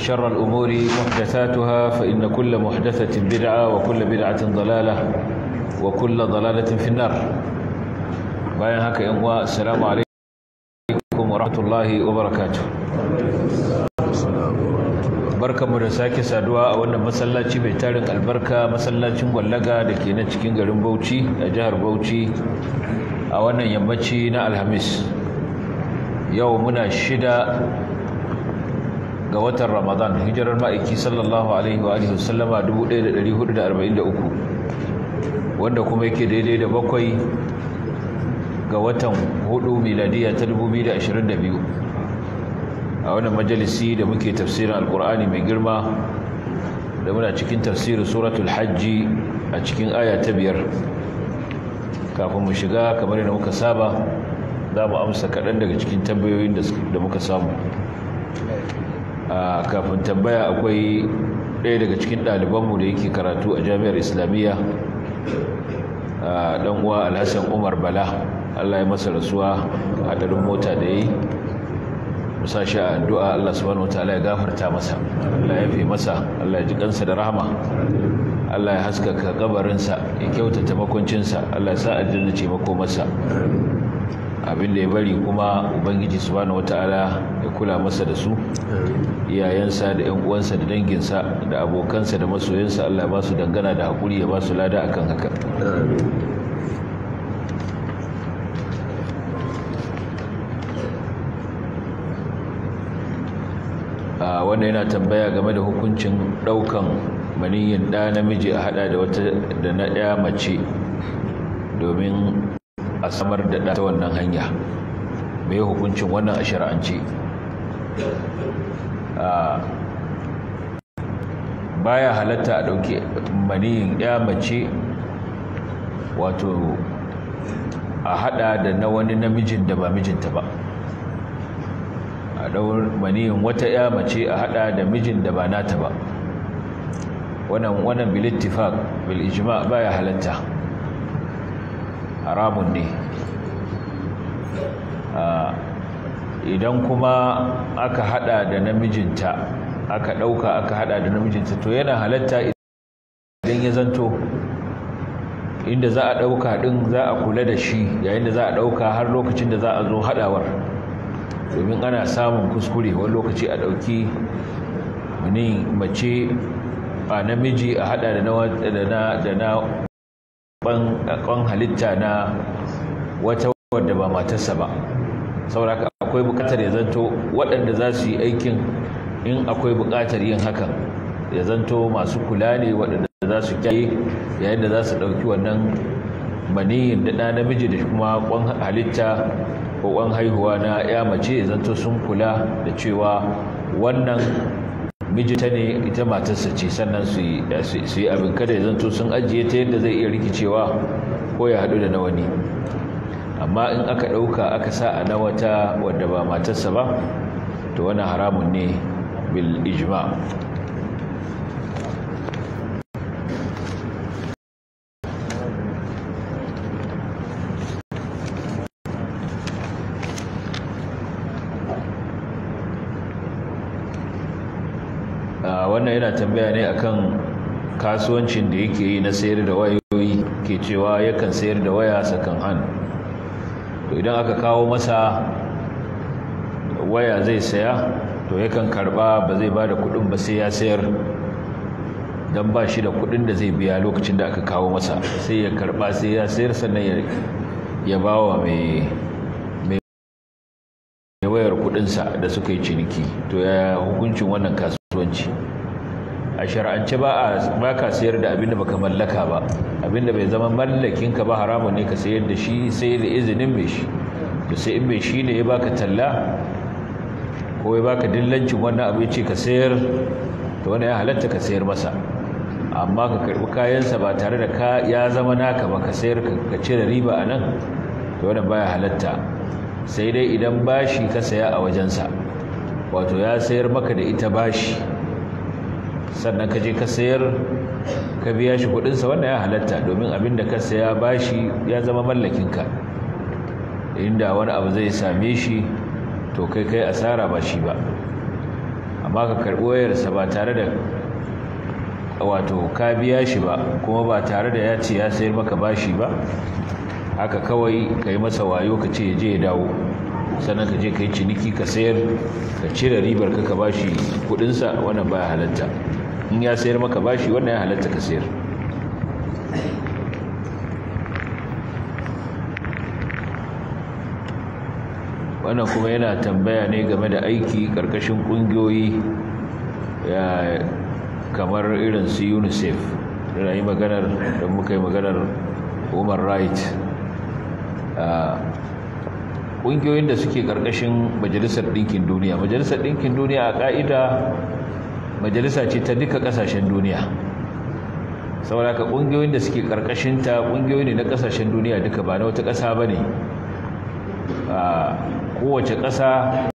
وشر الأمور محدثاتها فإن كل محدثة بدعة وكل بدعة ضلالة وكل ضلالة في النار باين هكا ينوى السلام عليكم ورحمة الله وبركاته barka mu da sake saduwa a wannan masallaci mai tarin albarka masallacin gwallaga da ke na cikin garin bauchi a jihar bauchi a wannan yammaci na alhamis yau muna shida ga watan ramadan hijirar ma'aiki sallallahu alaihi wa alihi wasallama 1443 wanda kuma yake daidai da bakwai ga watan hudu miladiya ta 2022 a wannan majalisi da muke tafsirin alkur'ani mai girma da muna cikin tafsirin suratul hajji a cikin aya ta biyar kafin mu shiga kamar yadda muka saba za mu amsa kaɗan daga cikin tambayoyin da muka samu kafin tambaya akwai ɗaya daga cikin ɗalibanmu da yake karatu a jami'ar islamiyya ɗan uwa alhassan umar bala allah ya masa rasuwa a hadarin mota da ya yi musa shi a addu'a allah subhanahu wa ta'ala ya gafarta masa allah ya fi masa allah ya ji kansa da rahama allah ya haskaka kabarinsa ya kyautata makoncinsa allah ya sa aljanna ce mako masa abin da ya bari kuma ubangiji subhanahu wa ta'ala kula masa da su iyayensa da yan uwansa da danginsa da abokansa da masoyansa Allah ba su dangana da hakuri ya ba su lada akan haka wanda yana tambaya game da hukuncin daukan maniyyin da namiji a hada da wata da na ɗaya mace domin a samar da ta wannan hanya mai hukuncin wannan a shari'ance Ah. baya halatta a ɗauki maniyin ɗaya mace wato a haɗa da na wani namijin da ba mijinta ba a ɗaurin maniyin wata ya mace a haɗa da mijin da ba nata ba wannan wannan bil ittifaq bil baya halatta haramun ne ah. idan kuma aka hada da namijinta aka dauka aka hada da namijinta to yana halatta idan ya zanto inda za a dauka din za a kula da shi yayin da za a dauka har lokacin da za a zo hadawar domin ana samun kuskure wani lokaci a dauki ne mace a namiji a hada da na da na ban halitta na wata wadda ba matarsa ba sauraka akwai bukatar ya zanto waɗanda za su yi aikin in akwai bukatar yin hakan ya zanto masu kula ne waɗanda za su kyaye yayin da za su ɗauki wannan maniyin da ɗa namiji da kuma ƙwan halitta ko ƙwan haihuwa na ya mace ya zanto sun kula da cewa wannan mijinta ne ita matarsa ce sannan su yi abin kada ya zanto sun ajiye ta yadda zai iya rikicewa ko ya haɗu da na wani amma in aka ɗauka aka sa a na wata wadda ba matarsa ba to wani haramun ne bil ijma wannan yana tambaya ne akan kasuwancin da yake yi na sayar da wayoyi ke cewa yakan sayar da waya sakan hannu to idan aka kawo masa waya zai saya to yakan karba ba zai ba da kuɗin ba sai ya sayar don ba shi da kuɗin da zai biya lokacin da aka kawo masa sai ya karba sai ya sayar sannan ya ba wa mai wayar kuɗinsa da suka yi ciniki to ya hukuncin wannan kasuwanci a shar'ance ba ka sayar da abinda baka mallaka ba abinda bai zama mallakin ka ba haramun ne ka sayar da shi sai da izinin mai shi to sai in mai shi ne ya baka talla ko ya baka dillancin wannan abin ce ka sayar to wani ya halatta ka sayar masa amma ka karbi kayansa ba tare da ka ya zama naka ba ka sayar ka cire riba a nan to wannan baya halatta sai dai idan bashi ka saya a wajensa wato ya sayar maka da ita bashi sannan ka je ka sayar ka biya shi kuɗinsa wannan ya halatta domin abin da ka saya bashi ya zama mallakinka inda wani abu zai same shi to kai kai asara ba shi ba amma ka karɓi wayarsa ba tare da wato ka biya shi ba kuma ba tare da ya ce ya sayar maka bashi ba haka kawai ka yi masa wayo ka ce ya je ya dawo sannan ka je ka yi ciniki ka sayar ka cire ribar ka ka bashi kudinsa wannan baya halatta in ya sayar maka bashi wannan ya halatta ka sayar wannan kuma yana tambaya ne game da aiki karkashin kungiyoyi kamar irin su unicef da yi maganar da muka yi maganar human rights kungiyoyin da suke karkashin majalisar ɗinkin duniya majalisar ɗinkin duniya a ƙa'ida majalisa ce ta duka kasashen duniya saboda ka ƙungiyoyin da suke ƙarƙashin ta ƙungiyoyi ne na kasashen duniya duka ba na wata ƙasa ba ne kowace ƙasa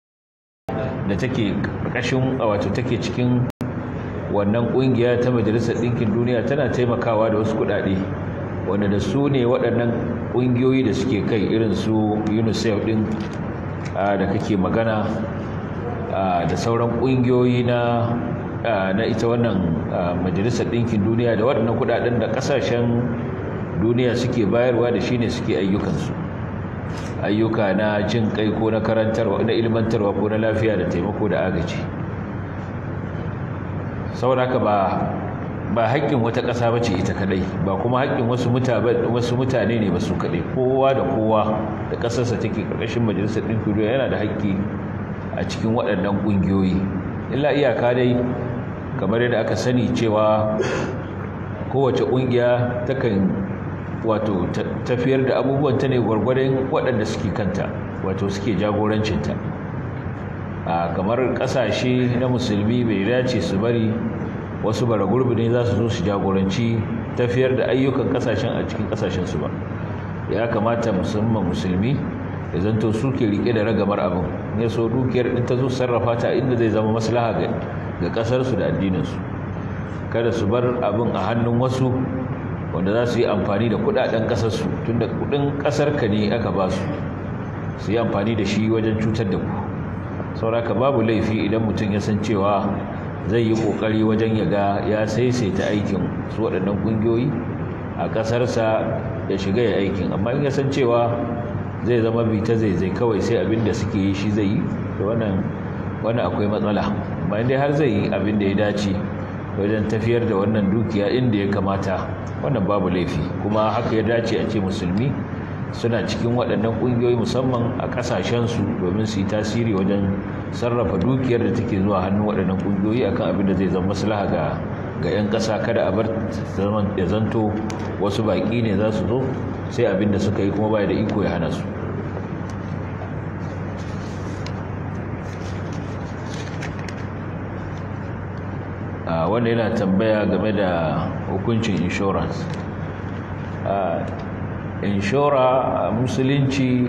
da take ƙarƙashin wato take cikin wannan ƙungiya ta majalisar ɗinkin duniya tana taimakawa da wasu kuɗaɗe wanda da su ne waɗannan ƙungiyoyi da suke kai irin su unicef ɗin da kake magana da sauran ƙungiyoyi na na ita wannan majalisar ɗinkin duniya da waɗannan kuɗaɗen da ƙasashen duniya suke bayarwa da shi ne suke ayyukansu ayyuka na jin kai ko na karantarwa na ilmantarwa ko na lafiya da taimako da agaji saboda ba ba haƙƙin wata ƙasa ba ce ita kadai ba kuma haƙƙin wasu mutane wasu mutane ne ba su kadai kowa da kowa da ƙasarsa take ƙarƙashin majalisar ɗinkin duniya yana da haƙƙi a cikin waɗannan ƙungiyoyi illa iyaka dai kamar yadda aka sani cewa kowace ƙungiya takan wato tafiyar da abubuwan ta ne gwargwarin waɗanda suke kanta wato suke jagorancinta a kamar ƙasashe na musulmi bai dace su bari wasu bara gurbi ne za su zo su jagoranci tafiyar da ayyukan ƙasashen a cikin su ba ya kamata musamman musulmi ya zanto su ke riƙe da ragamar abin ya so dukiyar ɗin ta zo sarrafa ta inda zai zama maslaha ga ga ƙasarsu da addininsu kada su bar abin a hannun wasu wanda za su yi amfani da kudaden ƙasarsu tun da kudin ka ne aka ba su su yi amfani da shi wajen cutar da ku ka babu laifi idan mutum ya san cewa zai yi ƙoƙari wajen ya ga ya saisaita aikin su waɗannan ƙungiyoyi a ƙasarsa ya shiga ya aikin amma in ya san cewa zai zama bita zai zai kawai sai abin da suke yi shi zai yi da wannan akwai matsala bayan dai har zai yi abin da ya dace wajen tafiyar da wannan dukiya inda ya kamata wannan babu laifi kuma haka ya dace a ce musulmi suna cikin waɗannan ƙungiyoyi musamman a ƙasashensu domin su yi tasiri wajen sarrafa dukiyar da take zuwa hannun waɗannan ƙungiyoyi akan abin da zai zama maslaha ga ga 'yan ƙasa kada a bar ya zanto wasu baƙi ne za su zo sai abin da suka yi kuma baya da iko ya hana su wanda yana tambaya game da hukuncin insurance inshora musulunci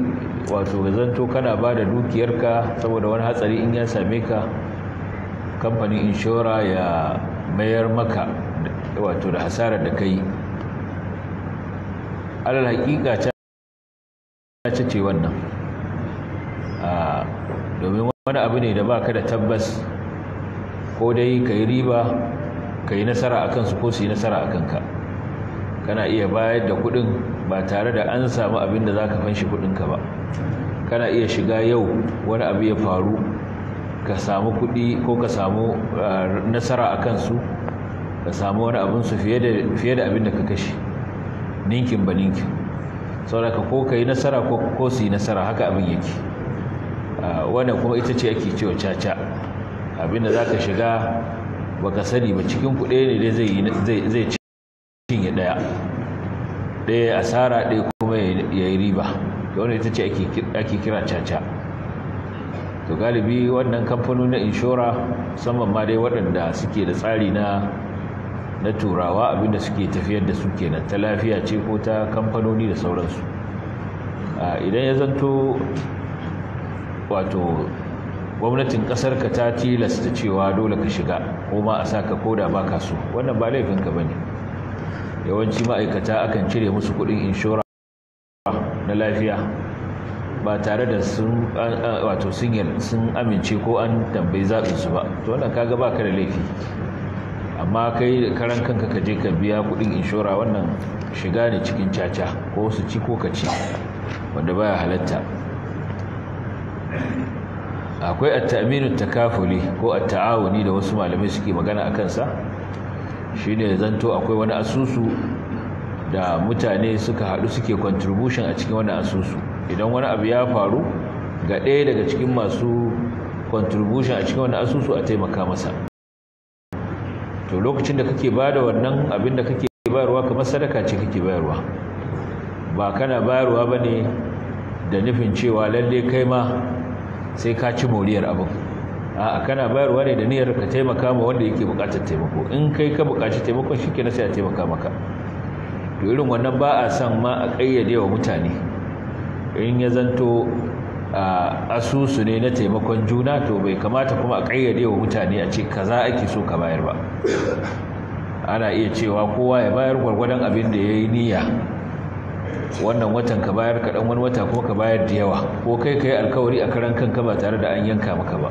wato zanto kana ba da dukiyarka saboda wani hatsari in ya same ka kamfanin inshora ya mayar maka wato da hasarar da kai alal hakika ta ce wannan domin wani abu ne da ba ka da tabbas ko dai ka yi riba ka yi nasara a kansu ko su yi nasara a kanka kana iya bayar da kuɗin ba tare da an samu abin da za ka fanshi kuɗinka ba kana iya shiga yau wani abu ya faru ka samu kudi ko ka samu nasara a kansu ka samu wani abin su fiye da abin da ka kashe ninkin ba ninkin sauraka ko ka yi nasara ko su yi nasara haka abin yake wannan kuma ita ce ake cewa caca abin da za ka shiga baka sani ba cikin ku ɗaya ne dai zai zai ya ɗaya ɗaya asara ɗaya kuma ya yi riba da wani ita ce ake kira caca to galibi wannan kamfanoni na inshora musamman ma dai waɗanda suke da tsari na na turawa abinda suke tafiyar da su kenan ta lafiya ce ko ta kamfanoni da sauransu ah, idan ya zanto wato gwamnatin kasar ta tilasta cewa dole ka shiga ko ma a sa ka koda ba ka so wannan ba laifinka ka bane yawanci ma'aikata akan cire musu kuɗin inshora na lafiya ba tare da sun wato sun amince ko an tambayi zaɓin su ba to wannan kaga baka da laifi amma kai karan kanka ka je ka biya kuɗin inshora wannan shiga ne cikin caca ko su ci ko ka ci wanda baya halatta akwai at takafuli ko at da wasu malamai suke magana a kansa shine zanto akwai wani asusu da mutane suka haɗu suke contribution a cikin wani asusu idan wani abu ya faru ga ɗaya daga cikin masu contribution a cikin wani asusu a taimaka masa to lokacin da kake bada wannan abin da kake bayarwa kamar sadaka ce kake bayarwa ba kana bayarwa bane da nufin cewa lalle kai ma sai ka ci moriyar abin a kana bayarwa ne da niyyar ka taimaka ma wanda yake bukatar taimako in kai ka bukaci taimako shi ke sai taimaka maka to irin wannan ba a son ma a ƙayyade wa mutane in ya zanto a asusu ne na taimakon juna to bai kamata kuma a ƙayyade wa mutane a ce kaza ake so ka bayar ba ana iya cewa kowa ya bayar gwargwadon abin da ya yi niyya wannan watan ka bayar ka wani wata ko ka bayar da yawa ko kai ka yi alkawari a karan kanka ba tare da an yanka maka ba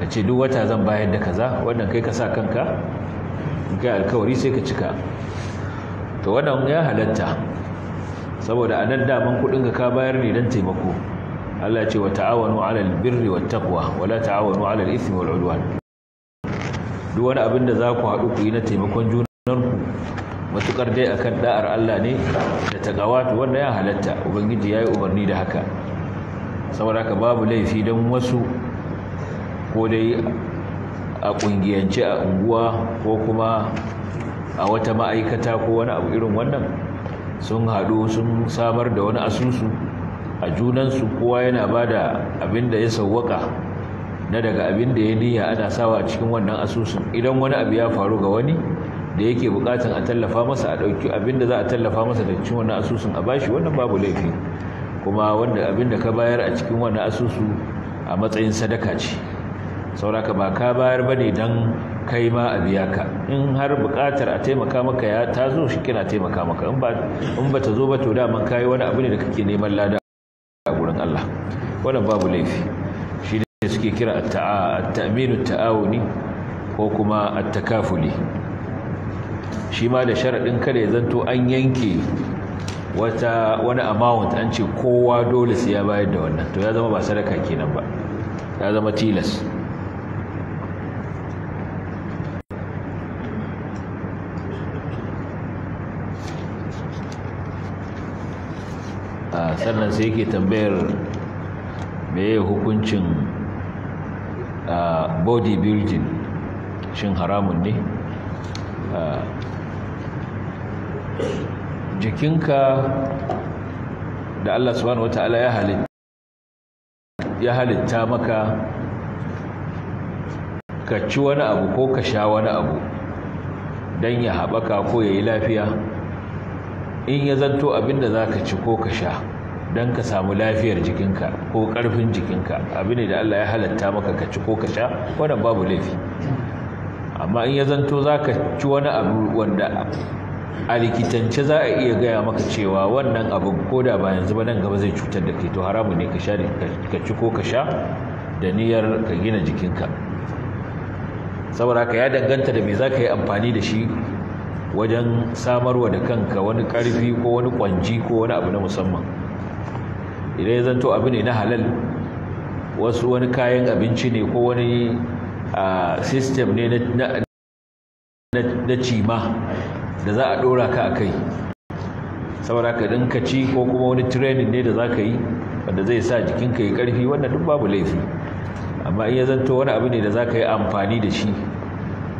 ka ce duk wata zan bayar da kaza wannan kai ka sa kanka in kai alkawari sai ka cika to wannan ya halatta saboda a nan daman kuɗin ka ka bayar ne don taimako Allah ya ce wa ta'awanu 'alal birri wat taqwa wa la ta'awanu 'alal ithmi wal 'udwan duk wani abin da za ku haɗu ku yi na taimakon junanku matukar dai akan da'ar Allah ne da ta ta wanda ya halatta ubangiji yayi umarni da haka saboda haka babu laifi dan wasu ko dai a kungiyance a unguwa ko kuma a wata ma'aikata ko wani abu irin wannan sun haɗu sun samar da wani asusu a junansu kowa yana ba da abin da ya sauwaka na daga abin da ya niyya ana sawa cikin wannan asusun idan wani abu ya faru ga wani da yake bukatan a tallafa masa a abin abinda za a tallafa masa da cikin wannan asusun a bashi wannan babu laifi kuma wanda abinda ka bayar a cikin wannan asusu a matsayin sadaka ce sauraka ba ka bayar bane dan kai ma a biya ka in har bukatar a taimaka maka ya ta zo shi kina taimaka maka in ba in ba ta zo ba to daman kai wani abu ne da kake neman lada a gurin Allah wannan babu laifi shi ne suke kira at-ta'aminu at-ta'awuni ko kuma at-takafuli shi ma da sharaɗin kada ya zanto an yanke wata wani amount an ce kowa dole su ya bayar da wannan to ya zama ba sadaka kenan ba ya zama tilas ah, sannan sai yake tambayar meye hukuncin ah, bodybuilding shin haramun ne jikinka da Allah subhanahu wata'ala ya halitta ya halitta maka ka ci wani abu ko ka sha wani abu don ya haɓaka ko ya yi lafiya in ya zanto abinda za ka ci ko ka sha don ka samu lafiyar jikinka ko ƙarfin jikinka abin da Allah ya halatta maka ka ci ko ka sha wannan babu laifi amma in ya zanto za ka ci wani abu wanda a likitance za a iya gaya maka cewa wannan abu ko da ba yanzu ba nan gaba zai cutar da kai to haramu ne ka sha ka ci ko ka sha da niyyar ka gina jikinka saboda ka ya danganta da me za ka yi amfani da shi wajen samarwa da kanka wani ƙarfi ko wani ƙwanji ko wani abu na musamman idan ya zanto abu ne na halal wasu wani kayan abinci ne ko wani system ne na cima da za a ɗora ka a kai saboda ka dinka ci ko kuma wani training ne da za ka yi wanda zai sa jikinka ya karfi wannan duk babu laifi amma in zanto wani abu ne da za ka yi amfani da shi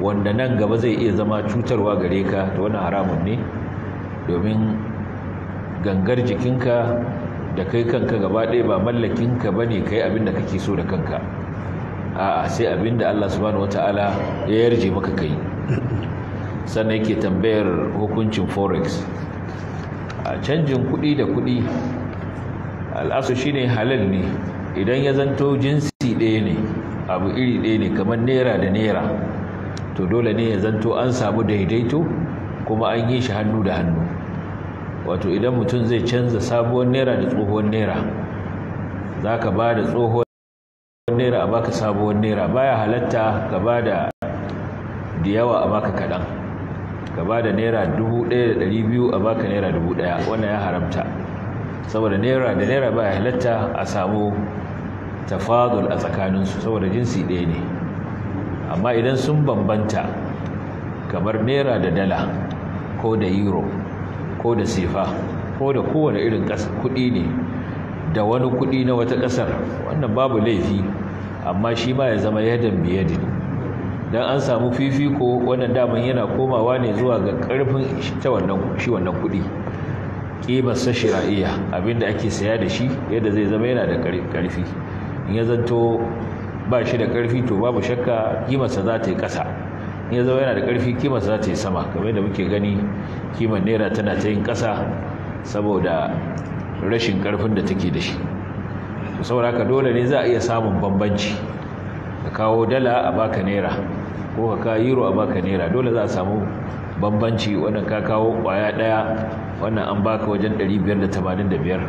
wanda nan gaba zai iya zama cutarwa gare ka da wani haramun ne domin gangar jikinka da kai kanka gaba ɗaya ba mallakinka ba ne ka yi abin da kake so da kanka a'a sai abinda Allah subhanahu wataala ya yarje maka kai sannan yake tambayar hukuncin forex a canjin kuɗi da kuɗi al'asu shine halal ne idan ya zanto jinsi ɗaya ne abu iri ɗaya ne kamar naira da naira to dole ne ya zanto an samu daidaito kuma an yi shi hannu da hannu wato idan mutum zai canza sabuwar naira da tsohuwar naira za ka ba da tsohuwar sabuwar naira a baka sabuwar naira baya halatta gaba da da yawa a baka kaɗan gaba da naira dubu ɗaya da ɗari biyu a baka naira dubu ɗaya wannan ya haramta saboda naira da naira baya halatta a samu tafadul a tsakaninsu saboda jinsi ɗaya ne amma idan sun bambanta kamar naira da dala ko da euro ko da sefa ko da kowane irin kuɗi ne da wani kudi na wata kasar wannan babu laifi amma shi ma ya zama yadan biyadin dan an samu fifiko wannan daman yana komawa ne zuwa ga karfin ta wannan shi wannan kudi kibar sa shira'iyya abinda ake saya da shi yadda zai zama yana da karfi in ya zanto ba shi da karfi to babu shakka ƙimarsa za ta yi kasa in ya zama yana da ƙarfi ƙimarsa za ta yi sama kamar yadda muke gani kimar naira tana ta yin ƙasa saboda rashin ƙarfin da take da shi saboda haka dole ne za a iya samun bambanci ka kawo dala a baka naira ko ka kawo euro a baka naira dole za a samu bambanci wannan ka kawo kwaya daya wannan an baka wajen 585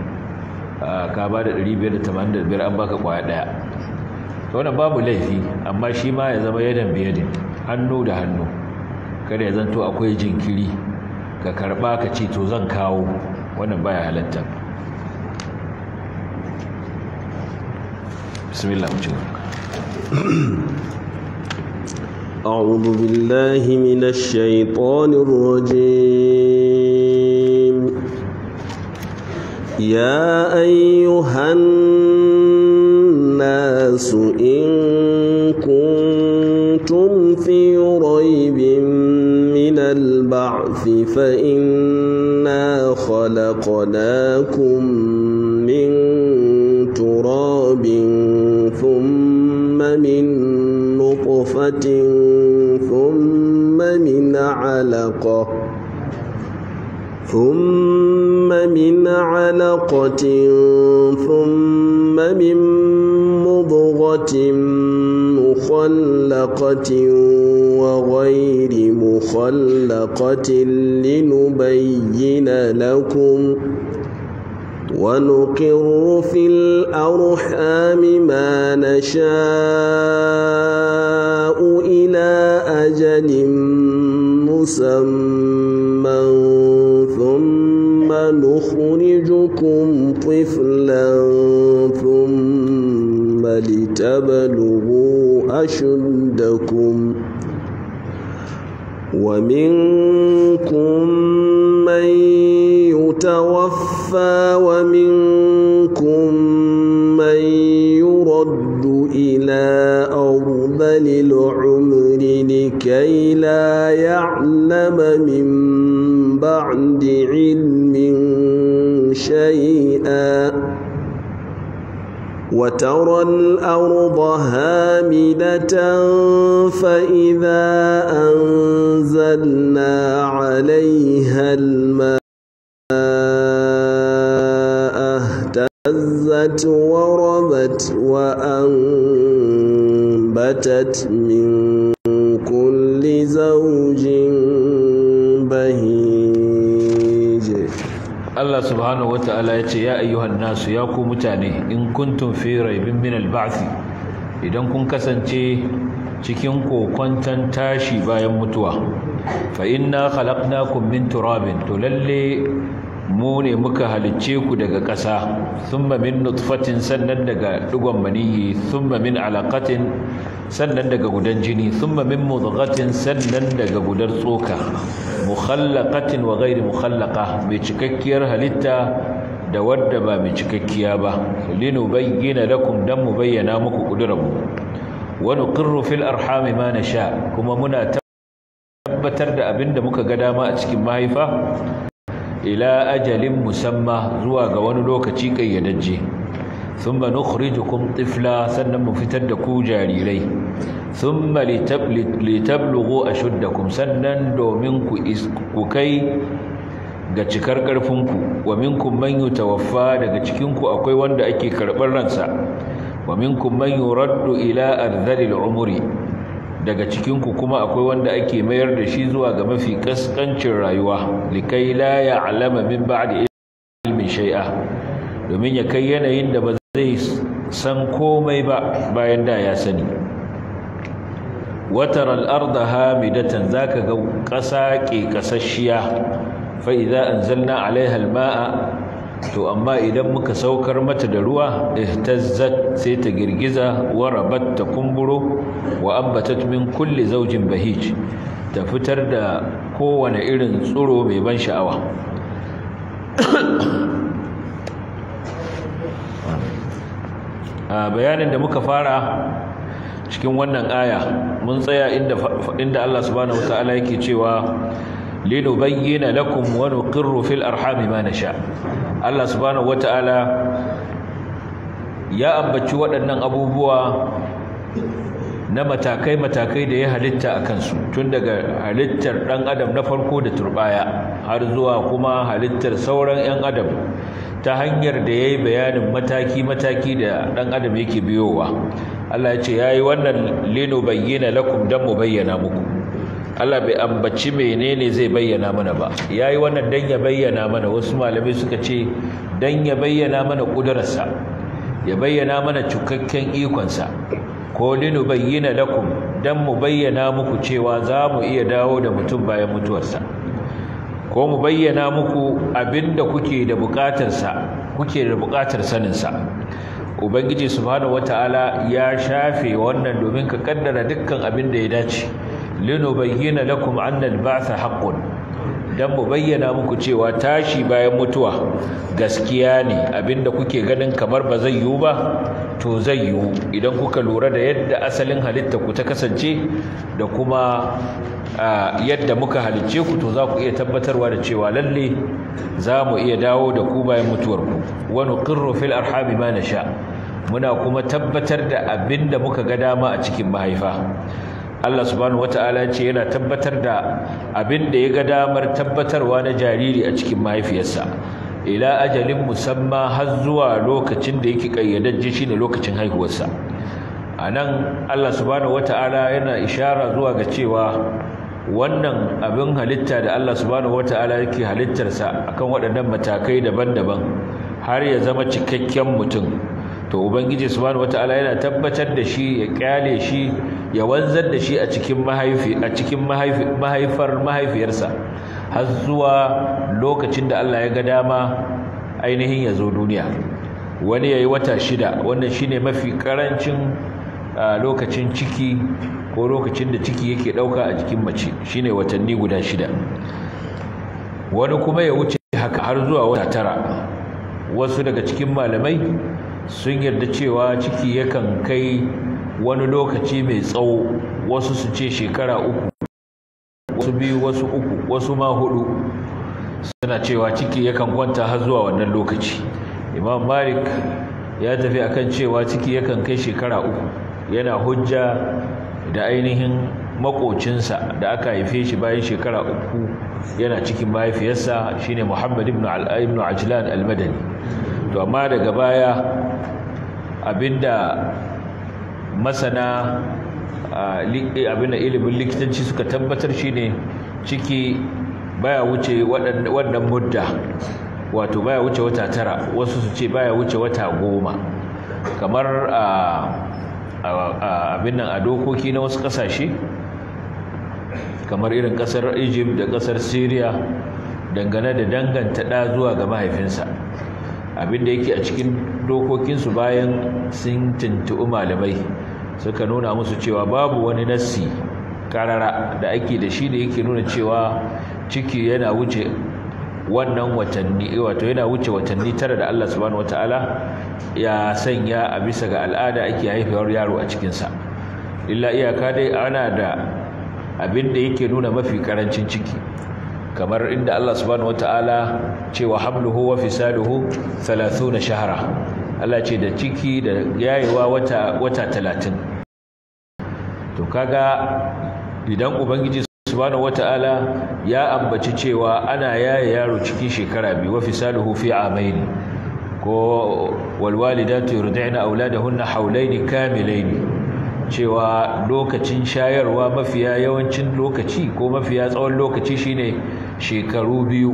ka ba da 585 an baka kwaya daya wannan babu laifi amma shi ma ya zama yadan biyadin hannu da hannu kada ya zanto akwai jinkiri ka karba ka ce to zan kawo wannan baya halatta بسم الله أعوذ بالله من الشيطان الرجيم يا أيها الناس إن كنتم في ريب من البعث فإنا خلقناكم من من نطفة ثم من علقة ثم من علقة ثم من مضغة مخلقة وغير مخلقة لنبين لكم ۖ ونقر في الأرحام ما نشاء إلى أجل مسمى ثم نخرجكم طفلا ثم لتبلغوا أشدكم ومنكم من يتوفى ومنكم من يرد إلى أرض العمر لكي لا يعلم من بعد علم شيئا وترى الأرض هامدة فإذا أنزلنا عليها الماء نمت وربت وأنبتت من كل زوج بهيج الله سبحانه وتعالى يا أيها الناس يا متاني إن كنتم في ريب من البعث إذا كن كسنتي cikin kokwanton tashi bayan mutuwa fa inna khalaqnakum min turabin to lalle mu ne muka halicce ku daga ƙasa thumma min nutfatin sannan daga dugon maniyi thumma min alaqatin sannan daga gudan jini thumma min mudghatin sannan daga gudar tsoka mukhallaqatin wa ghairi mukhallaqa mai cikakkiyar halitta da wadda ba mai cikakkiya ba linubayyana lakum dan mu bayyana muku kuduramu wa nuqirru fil arhami ma nasha kuma muna tabbatar da abinda muka ga dama a cikin mahaifa ila ajalin musamma zuwa ga wani lokaci kayyadajje thumma nukhrijukum tifla sannan mu fitar da ku jarirai thumma a ashuddakum sannan domin ku kai ga cikar ƙarfinku, wa minkum man tawaffa daga cikinku akwai wanda ake karɓar ransa wa minkum man raddu ila ardhil umri daga cikinku kuma akwai wanda ake mayar da shi zuwa ga mafi kaskancin rayuwa likai la ya'lama min ba'di ilimin shai'a, domin ya kai yanayin da ba zai san komai ba bayan da ya sani watar al'arda arda hamidatan zaka ga ƙasa ke ƙasashiya, fa idza anzalna maa to amma idan muka saukar mata da ruwa ihtazzat sai ta girgiza wa rabat ta kumburo wa abbatat min kulli zaujin bahij ta fitar da kowane irin tsiro mai ban sha'awa a bayanin da muka fara cikin wannan aya mun tsaya inda Allah subhanahu wataala yake cewa bayyana lakum wani nuqirru fil arham ma sha Allah subhanahu wataala ya ambaci waɗannan abubuwa na matakai matakai da ya halitta a kansu tun daga halittar ɗan adam na farko da turbaya har zuwa kuma halittar sauran 'yan adam ta hanyar da ya yi bayanin mataki mataki da ɗan adam yake biyowa Allah ya ce ya yi wannan lino bayyana lakum don mu bayyana muku Allah bai ambaci menene zai bayyana mana ba yayi wannan dan ya bayyana mana wasu malamai suka ce dan ya bayyana mana kudararsa ya bayyana mana cikakken ikonsa ko dinu bayyana lakum dan mu bayyana muku cewa za mu iya dawo da mutum bayan mutuwarsa ko mu bayyana muku abinda kuke da bukatarsa kuke da bukatar sa ubangiji subhanahu wataala ya shafe wannan domin ka kaddara dukkan abin da ya dace linubayyana lakum anna al-ba'tha haqqun dan mu bayyana muku cewa tashi bayan mutuwa gaskiya ne abinda kuke ganin kamar ba zai yiwu ba to zai yiwu idan kuka lura da yadda asalin halitta ku ta kasance da kuma yadda muka halicce ku to za ku iya tabbatarwa da cewa lalle za mu iya dawo da ku bayan mutuwar ku wani nuqirru fil arhami ma nasha muna kuma tabbatar da abinda muka ga dama a cikin mahaifa Allah subhanahu wata'ala ce yana tabbatar da abin da ya ga damar tabbatarwa na jariri a cikin mahaifiyarsa ila ajalin musamma har zuwa lokacin da yake kayyadajje shine lokacin haihuwarsa anan Allah subhanahu wata'ala yana ishara zuwa ga cewa wannan abin halitta da Allah subhanahu wata'ala yake halittarsa akan waɗannan matakai daban-daban har ya zama cikakken mutum to ubangiji subhanahu wataala yana tabbatar da shi ya kyale shi ya wanzar da shi a cikin mahaifi a cikin mahaifar mahaifiyarsa har zuwa lokacin da Allah ya ga dama ainihin ya zo duniya wani yayi wata shida wannan shine mafi karancin lokacin ciki ko lokacin da ciki yake dauka a jikin mace shine watanni guda shida wani kuma ya wuce haka har zuwa wata tara wasu daga cikin malamai sun yarda cewa ciki yakan kai wani lokaci mai tsawo wasu su ce shekara uku wasu biyu wasu uku wasu ma hudu suna cewa ciki yakan kwanta har zuwa wannan lokaci imam malik ya tafi akan cewa ciki yakan kai shekara uku yana hujja da ainihin makocinsa da aka haife shi bayan shekara uku yana cikin mahaifiyarsa shine muhammad ibn al-ajlan al-madani to amma daga baya abinda masana eh, abinda ilimin likitanci suka tabbatar shine ciki baya wuce wannan mudda wato baya wuce wata tara wasu su ce baya wuce wata goma kamar abin nan a dokoki na wasu kasashe kamar irin kasar egypt da kasar syria dangane da danganta ɗa zuwa ga mahaifinsa abin abinda yake a cikin dokokinsu bayan sun tuntuɓi malamai suka nuna musu cewa babu wani nassi karara da ake da shi da yake nuna cewa ciki yana wuce wannan watanni wato yana wuce watanni tara da Allah subhanahu wataala ya sanya a bisa ga al'ada ake haifewar yaro a cikinsa illa iyaka dai ana da abin da yake nuna mafi karancin ciki kamar inda Allah subhanahu wataala cewa hamluhu wa fisaluhu 30 shahara, Allah ce da ciki da yayewa wata wata 30 to kaga idan ubangiji subhanahu wataala ya ambaci cewa ana yaye yaro cikin shekara biyu wa fisaluhu fi amain ko wal walidatu yurdi'na auladahunna hawlayn kamilayn cewa lokacin shayarwa mafiya yawancin lokaci ko mafiya tsawon lokaci shine shekaru biyu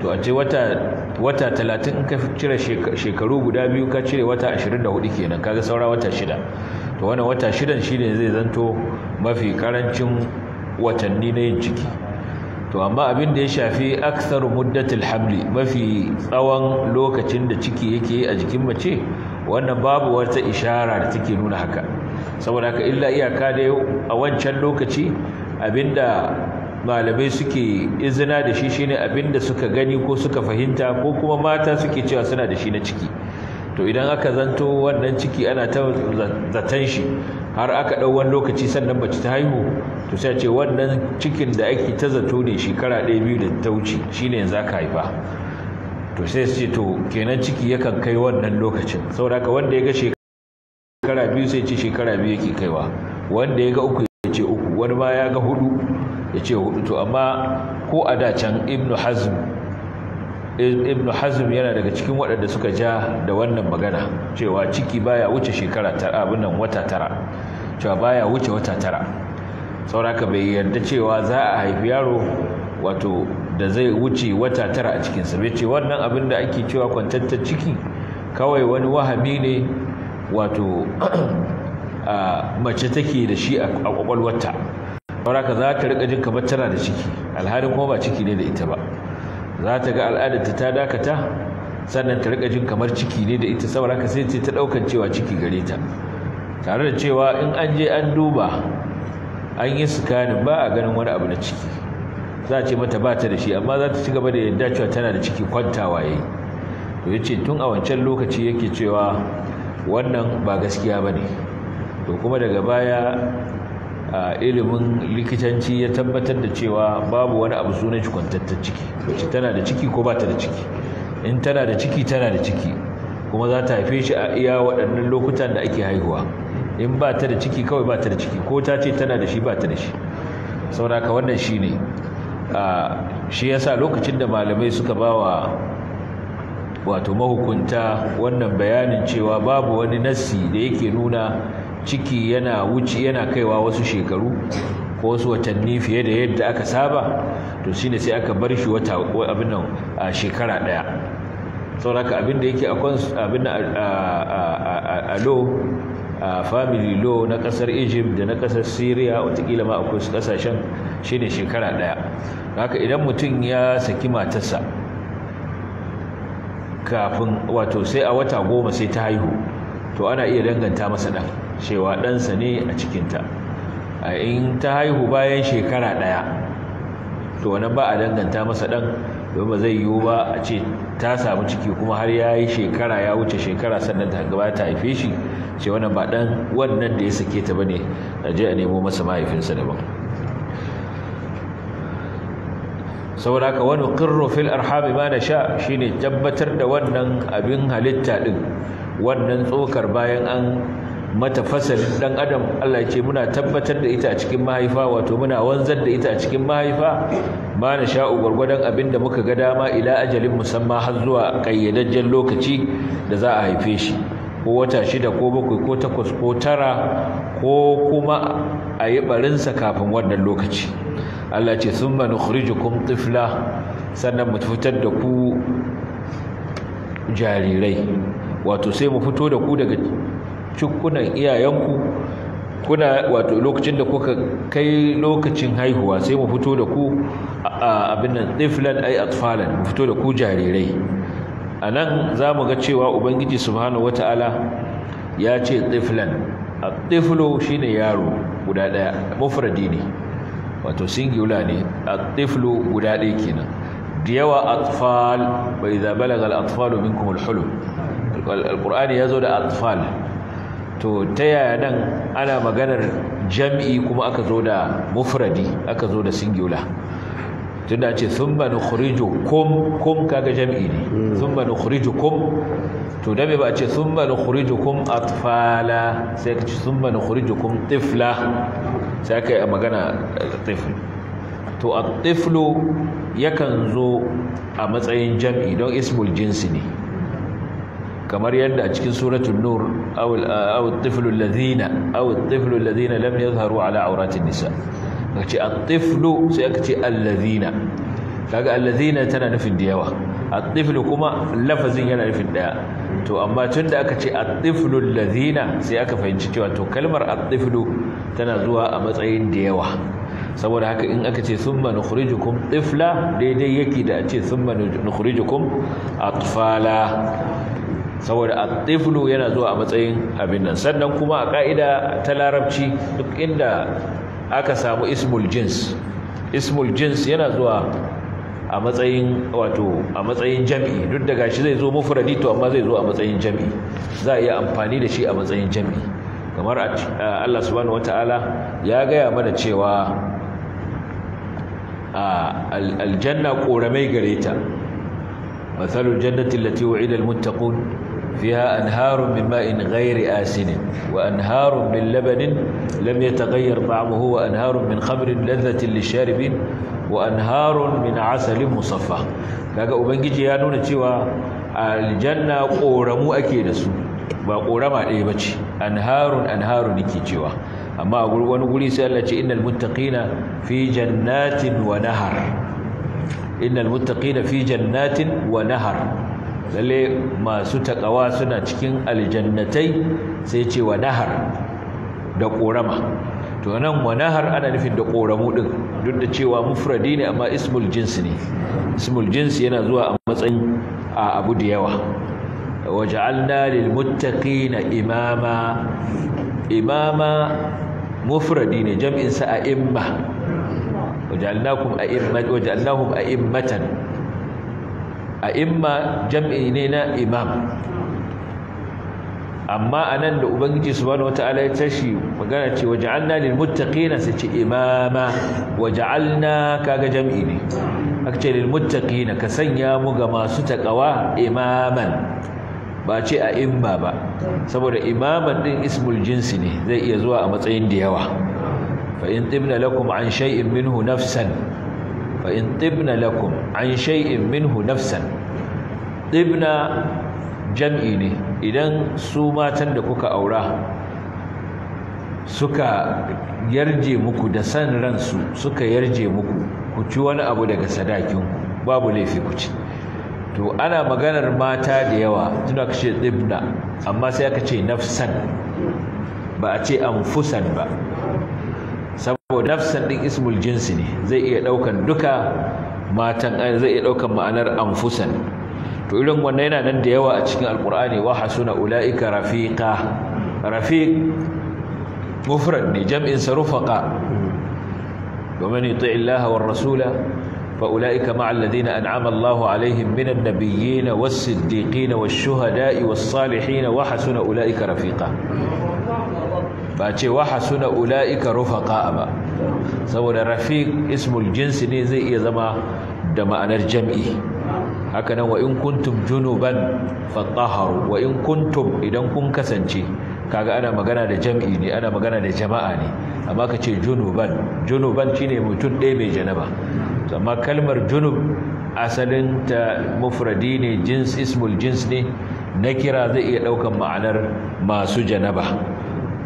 to a ce wata talatin in ka cire shekaru guda biyu ka cire wata ashirin da hudu kenan kaga saura wata shida to wani wata shidan shine zai zanto mafi karancin watanni na yin ciki to amma abin da ya shafi aksar muddatul hamli mafi tsawon lokacin da ciki yake a jikin mace wannan babu wata ishara da take nuna haka saboda haka illa iyaka da a wancan lokaci abinda malamai suke izina da shi shine abinda suka gani ko suka fahimta ko kuma mata suke cewa suna da shi na ciki to idan aka zanto wannan ciki ana ta zaton shi har aka ɗau wani lokaci sannan bace ta haihu to sai ce wannan cikin da ake ta zato ne shekara ɗaya biyu da ta wuce shine yanzu aka haifa to sai su ce to kenan ciki yakan kai wannan lokacin saboda haka wanda ya ga biyu sai ce shekara biyu yake kaiwa wanda ya ga uku ya ce uku wani ma ya ga hudu ya ce hudu to amma ko a da can ibnu hazm ibnu yana daga cikin waɗanda suka ja da wannan magana cewa ciki baya wuce shekara tara abin wata tara cewa baya wuce wata tara sauraka bai yarda cewa za a haifi yaro wato da zai wuce wata tara a cikinsa bai ce wannan abin da ake cewa kwantattar ciki kawai wani wahabi ne wato mace take da shi a kwakwalwarta saboda ka za ta rika jin kamar tana da ciki alhalin kuma ba ciki ne da ita ba za ta ga al'adarta ta dakata sannan ta rika jin kamar ciki ne da ita saboda ka sai ta daukan cewa ciki gare ta tare da cewa in an je an duba an yi sukanin ba a ganin wani abu na ciki za a ce mata ba ta da shi amma za ta ci gaba da yadda cewa tana da ciki kwantawa yayi to yace tun a wancan lokaci yake cewa wannan ba gaskiya ba ne to kuma daga baya ilimin likitanci ya tabbatar da cewa babu wani abu sunan shi kwantattar ciki wacce tana da ciki ko ba ta da ciki in tana da ciki tana da ciki kuma za ta haife shi a iya waɗannan lokutan da ake haihuwa in ba ta da ciki kawai ba ta da ciki ko ta ce tana da shi ba ta da shi saboda ka wannan shi ne shi yasa lokacin da malamai suka ba wa wato mahukunta wannan bayanin cewa babu wani nassi da yake nuna ciki yana wuce yana kaiwa wasu shekaru ko wasu watanni fiye da yadda aka saba to shine sai aka bar shi wata abin nan a shekara daya saboda abin da yake a abin a lo a family law na kasar Egypt da na kasar Syria watakila ma akwai su kasashen shine shekara daya haka idan mutum ya saki matarsa kafin wato sai a wata goma sai ta haihu to ana iya danganta masa ɗan cewa ɗansa ne a cikinta in ta haihu bayan shekara ɗaya to wannan ba a danganta masa ɗan don ba zai yiwu ba a ce ta samu ciki kuma har ya yi shekara ya wuce shekara sannan ta gaba ta haife shi ce wannan ba ɗan wannan da ya sake ta ba ne a a nemo masa mahaifinsa daban saboda ka wani ƙirro fil arhami ma shi shine tabbatar da wannan abin halitta din wannan tsokar bayan an mata fasal dan adam Allah ce muna tabbatar da ita a cikin mahaifa wato muna wanzar da ita a cikin mahaifa ma na sha'u gwargwadon abin da muka ga dama ila ajalin musamman har zuwa kayyadajjen lokaci da za a haife shi ko wata shida ko bakwai ko takwas ko tara ko kuma a yi barinsa kafin wannan lokaci Allah ce sun summa nukhrijukum tifla sannan mu fitar da ku jarirai wato sai mu fito da ku daga cikunan iyayenku kuna wato lokacin da kuka kai lokacin haihuwa sai mu fito da ku abin nan tiflan ay atfalan mu fito da ku jarirai anan mu ga cewa ubangiji subhanahu wataala ya ce tiflan at shi shine yaro guda daya mufradi ne wato singula ne a tiflu guda ɗaya kenan da yawa atfal bai za balaga al min kuma al Alƙur'ani ya zo da atfal to ta yaya nan ana maganar jam'i kuma aka zo da mufradi aka zo da singula tunda ce sun ba nukhrijo kum kaga jam'i ne sun hmm. ba nukhrijo kum to da ba ce sun ba nukhrijo kum atfala sai ka ce sun ba nukhrijo kum tifla sai ka yi magana eh, tifl to a tiflu yakan zo a matsayin jam'i don ismul jinsi ne kamar yadda a cikin suratul nur aw aw tiflu alladhina aw tiflu alladhina lam yadhharu ala auratin nisa' ka ce at sai ka ce allazina kaga allazina tana nufin da yawa at kuma lafazin yana nufin daya to amma tun da aka ce at-tiflu allazina sai aka fahimci cewa to kalmar at tana zuwa a matsayin da yawa saboda haka in aka ce summa nukhrijukum tifla daidai yake da a ce summa nukhrijukum atfala saboda at yana zuwa a matsayin abin nan sannan kuma a ka'ida ta larabci duk inda aka samu ismul jins ismul jins yana zuwa a matsayin wato a matsayin jami'i duk da gashi zai zo mufradi to amma zai zo a matsayin jami'i za a iya amfani da shi a matsayin jami'i kamar Allah subhanahu wataala ya gaya mana cewa aljanna koramai gare ta mathalul jannati allati wa'ida almuttaqun فيها أنهار من ماء غير آسن وأنهار من لبن لم يتغير طعمه وأنهار من خمر لذة للشاربين وأنهار من عسل مصفى kaga ubangiji ya nuna cewa aljanna koramu ake da su ba korama ɗaya ba ce anharun anharun yake cewa amma a wani guri sai Allah ce innal muttaqina fi jannatin wa nahar innal muttaqina fi jannatin wa nahar lalle masu takawa suna cikin aljannatai sai ce wa nahar da korama to nan wa nahar ana nufin da koramu din duk da cewa mufradi ne amma ismul jins ne ismul jins yana zuwa a matsayin a abu da yawa waja'alna lil muttaqina imama imama mufradi ne jam'in sa a'imma waja'alnakum a'immatan waja'alnahum a'immatan a imma jam'i ne na imam amma anan da ubangiji subhanahu wataala ya tashi magana ce waja'alna lil muttaqina sai ce imama waja'alna kaga jam'i ne aka ce lil ka sanya mu ga masu takawa imaman ba ce a imma ba saboda imaman din ismul jinsi ne zai iya zuwa a matsayin da yawa fa in tibna lakum an shay'in minhu nafsan fa in tsibna lakum an shay'in minhu nafsan tsibna jam'i ne idan su matan da kuka aura suka yarje muku da san ransu suka yarje muku ku ci wani abu daga sadakinku babu laifi ku ci to ana maganar mata da yawa tunda aka ce amma sai aka ce nafsan ba a ce amfusan ba nafsan din ismul jinsi ne zai iya daukan duka matan eh, zai iya daukan ma'anar anfusan to irin wannan yana nan da yawa a cikin alqur'ani wa hasuna ulaika rafiqa rafiq mufrad ne jam'in sa rufaqa ومن يطع الله والرسول فأولئك مع الذين أنعم الله عليهم من النبيين والصديقين والشهداء والصالحين وحسن أولئك رفيقا ba ce wa hasuna ula'ika rufaqa ba saboda rafiq ismul jinsi ne zai iya zama da ma'anar jam'i hakanan wa in kuntum junuban fatahharu wa in kuntum idan kun kasance kaga ana magana da jam'i ne ana magana da jama'a ne amma ka ce junuban junuban shine mutum ɗaya mai janaba amma kalmar junub asalin ta mufradi ne jins ismul jins ne kira zai iya ɗaukan ma'anar masu janaba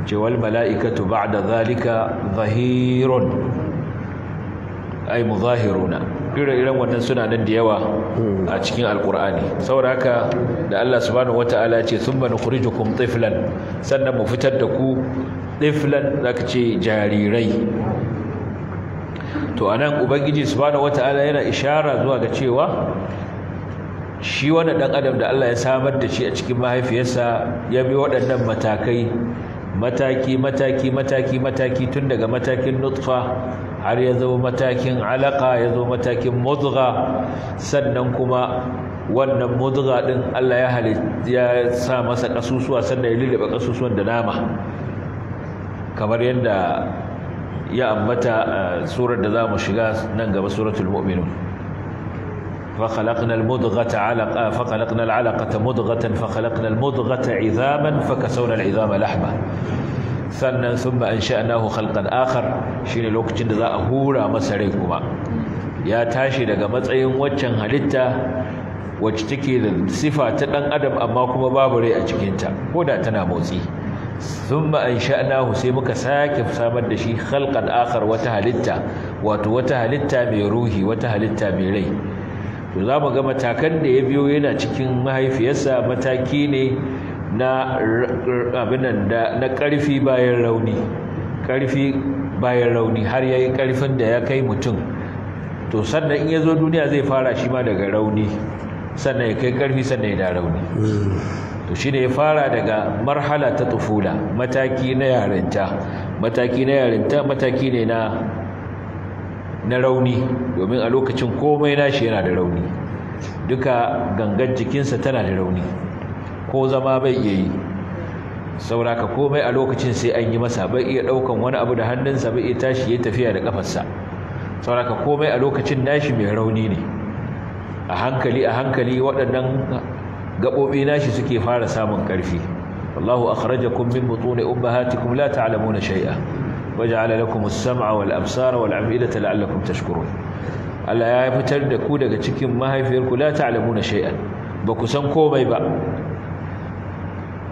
cewal mala'ikatu ba'da zalika zahirun ay muzahiruna ire irin wannan suna nan da yawa a cikin alkur'ani saboda haka da Allah subhanahu wata'ala ce thumma nukhrijukum tiflan sannan mu fitar da ku tiflan zaka ce jarirai to anan ubangiji subhanahu wata'ala yana ishara zuwa ga cewa shi wani dan adam da Allah ya samar da shi a cikin mahaifiyarsa ya bi waɗannan matakai mataki mataki mataki mataki tun daga matakin nutfa har ya zo matakin alaka ya zo matakin mudga sannan kuma wannan mudga din Allah ya ya sa masa kasusuwa sannan ya lulluɓe kasusuwan da nama kamar yadda ya ambata surar da za mu shiga nan gaba suratul mu'minun فخلقنا المضغة علقة فخلقنا العلقة مضغة فخلقنا المضغة عظاما فكسونا العظام لحمة sannan sun ba an sha'anahu halkan akhar shine lokacin da za a hura masa rai kuma ya tashi daga matsayin waccan halitta wacce take da sifa ta dan adam amma kuma babu rai a cikinta ko da tana motsi sun sha'anahu sai muka sake samar da shi halkan akhar wata halitta wato wata halitta mai ruhi wata halitta mai rai to za mu ga matakan da ya biyo yana cikin mahaifiyarsa mataki ne na abinan da na ƙarfi bayan rauni ƙarfi bayan rauni har ya yi ƙarfin da ya kai mutum to sannan in ya zo duniya zai fara shi ma daga rauni sannan ya kai ƙarfi sannan ya da rauni hmm. to shi ne ya fara daga marhala ta tufula mataki na yarinta mataki na yarinta mataki ne na na rauni domin a lokacin komai nashi yana da rauni duka gangar jikinsa tana da rauni ko zama bai iya yi sauraka komai a lokacin sai an yi masa bai iya ɗaukan wani abu da hannunsa bai iya tashi ya tafiya da ƙafarsa sauraka komai a lokacin nashi mai rauni ne a hankali a hankali waɗannan gaɓoɓi nashi suke fara samun ƙarfi wallahu akhrajakum min butuni ummahatikum la ta'lamuna shay'a waja'ala lakum as-sam'a wal absara wal Allah ya fitar da ku daga cikin mahaifiyarku la ta'lamuna shay'an ba ku san komai ba